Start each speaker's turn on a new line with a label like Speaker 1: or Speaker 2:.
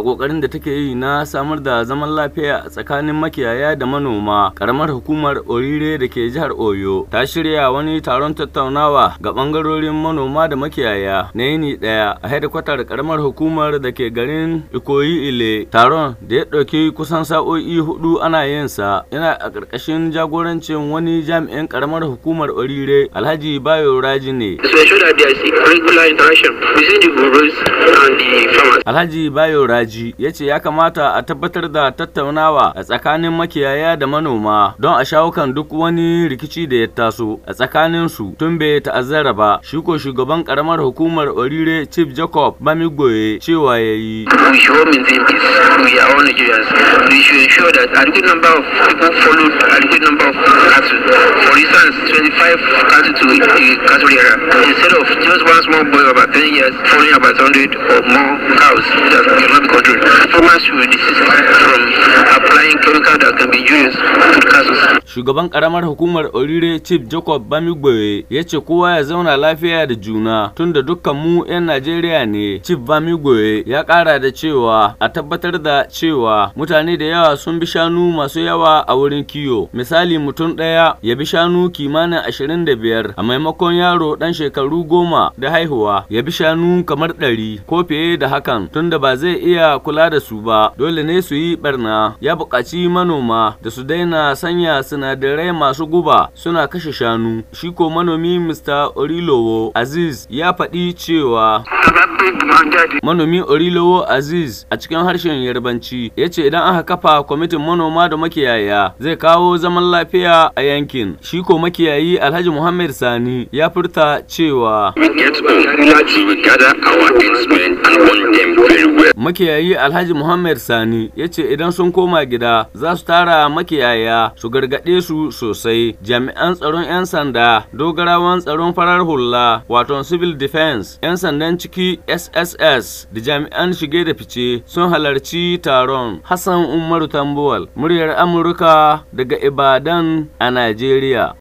Speaker 1: a kokarin da take yi na samar da zaman lafiya tsakanin makiyaya da manoma karamar hukumar orire da ke jihar oyo ta shirya wani taron tattaunawa ga bangarorin manoma da makiyaya na yini daya a hedikwatar karamar hukumar da ke garin ikoyi ile taron da ya ɗauki kusan sa'o'i hudu ana yin sa yana a ƙarƙashin jagorancin wani jami'in karamar hukumar orire alhaji bayo raji ne alhaji bayo raji Magaji ya ce ya kamata a tabbatar da tattaunawa a tsakanin makiyaya da manoma don a shawo kan duk wani rikici da ya taso a tsakanin su tun bai ta'azzara ba shi ko shugaban karamar hukumar Orire Chief Jacob Bamigoye cewa ya yi. instead of just one small boy about 10 years following about 100 or more cows that cannot be formation c'est this shugaban karamar hukumar orire chief jacob bamigbe ya ce kowa ya zauna lafiya da juna tunda dukkan mu 'yan najeriya ne chief bamigbe ya kara da cewa a tabbatar da cewa mutane da yawa sun bi shanu masu yawa a wurin kiyo misali mutum ɗaya ya bi shanu kimanin ashirin da biyar a maimakon yaro ɗan shekaru goma da haihuwa ya bi shanu kamar ɗari ko fiye da hakan tunda ba zai iya kula da su ba dole ne su yi barna ya buƙaci manoma da su daina sanya suna sinadarai masu guba suna kashe shanu. Shi ko manomi Mr. Orilowo Aziz ya faɗi cewa Manomi Orilowo Aziz a cikin harshen Yarbanci ya ce idan aka kafa kwamitin manoma da makiyaya zai kawo zaman lafiya a yankin. Shi ko makiyayi Alhaji Muhammad Sani ya furta cewa Makiyayi Alhaji Muhammad Sani ya ce idan sun koma gida za su tara makiyaya su gargaɗi yaƙe su sosai jami'an tsaron 'yan sanda dogarawan tsaron farar hula wato civil defense 'yan sandan ciki sss da jami'an shige da fice sun halarci taron hassan umaru tambuwal muryar amurka daga ibadan a nigeria.